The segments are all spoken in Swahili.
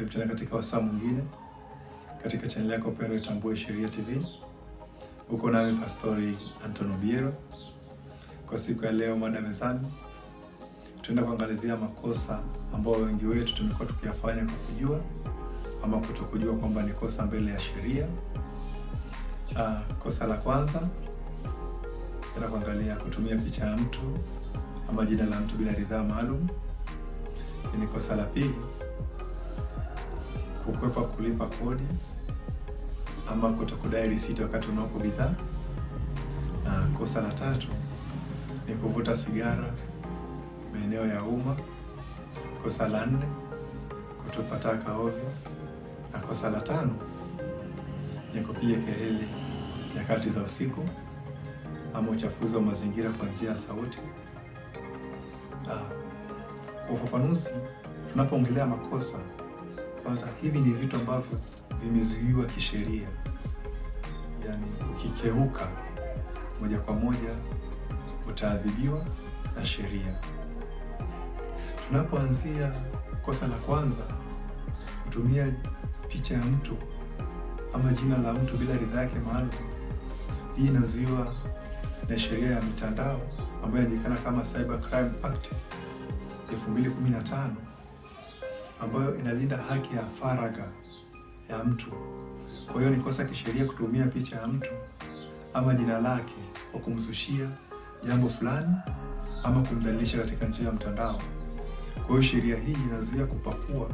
Karibu tena katika wasaa mwingine katika chaneli yako pendwa Itambue Sheria TV. Uko nami Pastori Antonio Biero. Kwa siku ya leo, mada mezani, tunaenda kuangalizia makosa ambayo wengi wetu tumekuwa tukiyafanya kwa kujua ama kutokujua kwamba ni kosa mbele ya sheria. Ah, kosa la kwanza tuenda kuangalia kutumia picha ya mtu ama jina la mtu bila ridhaa maalum. Ni kosa la pili kukwepa kulipa kodi ama kutokudai risiti wakati unaopo bidhaa, na kosa la tatu ni kuvuta sigara maeneo ya umma, kosa la nne kutupa taka ovyo, na kosa la tano ni kupiga kelele nyakati za usiku ama uchafuzi wa mazingira kwa njia ya sauti. Kwa ufafanuzi, tunapoongelea makosa kwanza, hivi ni vitu ambavyo vimezuiwa kisheria, yaani ukikeuka moja kwa moja utaadhibiwa na sheria. Tunapoanzia kosa la kwanza, kutumia picha ya mtu ama jina la mtu bila ridhaa yake maalum, hii inazuiwa na sheria ya mitandao ambayo inajulikana kama Cyber Crime Act 2015 ambayo inalinda haki ya faragha ya mtu. Kwa hiyo ni kosa kisheria kutumia picha ya mtu ama jina lake kwa kumzushia jambo fulani ama kumdhalilisha katika njia ya mtandao. Kwa hiyo sheria hii inazuia kupakua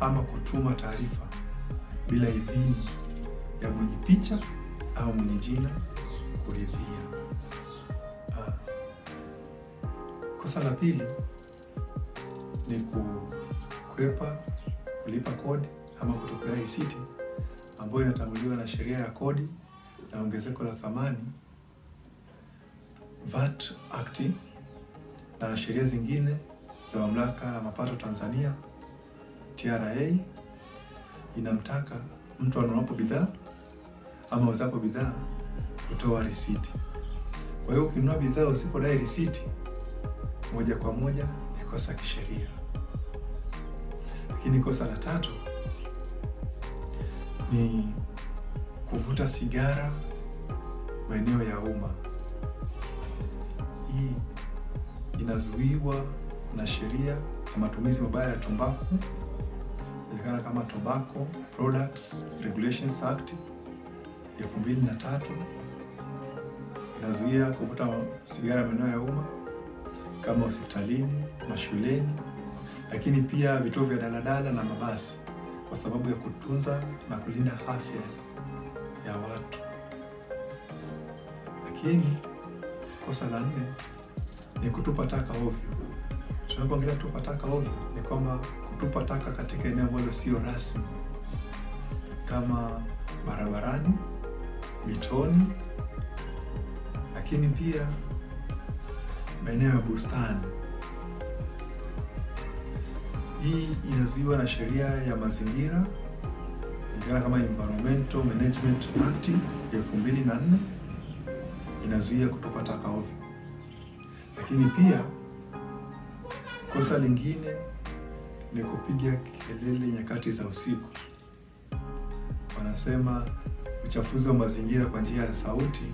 ama kutuma taarifa bila idhini ya mwenye picha au mwenye jina kuridhia. Ah, kosa la pili ni ku kukwepa kulipa kodi ama kutokudai risiti ambayo inatambuliwa na sheria ya kodi na ongezeko la thamani VAT Act na sheria zingine za mamlaka ya mapato Tanzania TRA inamtaka mtu anuapo bidhaa ama uzapo bidhaa kutoa risiti. Kwa hiyo ukinunua bidhaa usipodai risiti, moja kwa moja ni kosa kisheria. Lakini kosa la tatu ni kuvuta sigara maeneo ya umma. Hii inazuiwa na sheria ya matumizi mabaya ya tumbaku inajulikana kama Tobacco Products Regulations Act 2003 inazuia kuvuta sigara maeneo ya umma kama hospitalini, mashuleni lakini pia vituo vya daladala na mabasi kwa sababu ya kutunza na kulinda afya ya watu. Lakini kosa la nne ni kutupa taka ovyo. Tunapoongelea kutupa taka ovyo, ni kwamba kutupa taka katika eneo ambalo sio rasmi kama barabarani, mitoni, lakini pia maeneo ya bustani. Hii inazuiwa na sheria ya mazingira inajulikana kama Environmental Management Act ya 2004 inazuia kutupa taka ovyo, lakini pia kosa lingine ni kupiga kelele nyakati za usiku. Wanasema uchafuzi wa mazingira kwa njia ya sauti.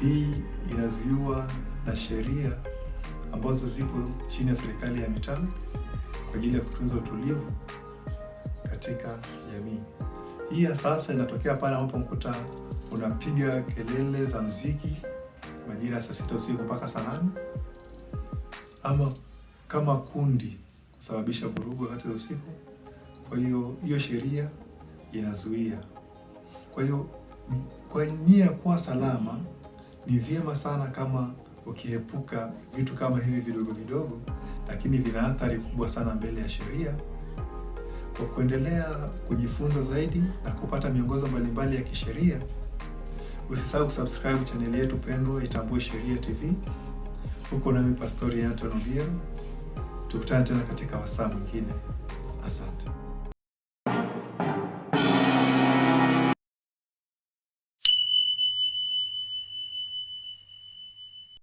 Hii inazuiwa na sheria ambazo zipo chini ya serikali ya mitaa kwa ajili ya kutunza utulivu katika jamii. Hii ya sasa inatokea pale ambapo mkuta unapiga kelele za mziki majira ya saa sita usiku mpaka saa nane ama kama kundi kusababisha vurugu wakati za usiku. Kwa hiyo hiyo sheria inazuia. Kwa hiyo kwa nia kuwa salama, ni vyema sana kama ukiepuka vitu kama hivi vidogo vidogo lakini vina athari kubwa sana mbele ya sheria. Kwa kuendelea kujifunza zaidi na kupata miongozo mbalimbali ya kisheria, usisahau kusubscribe chaneli yetu pendwa Itambue Sheria TV. Huko nami Pastori Anton Obiero, tukutane tena katika wasaa mwingine.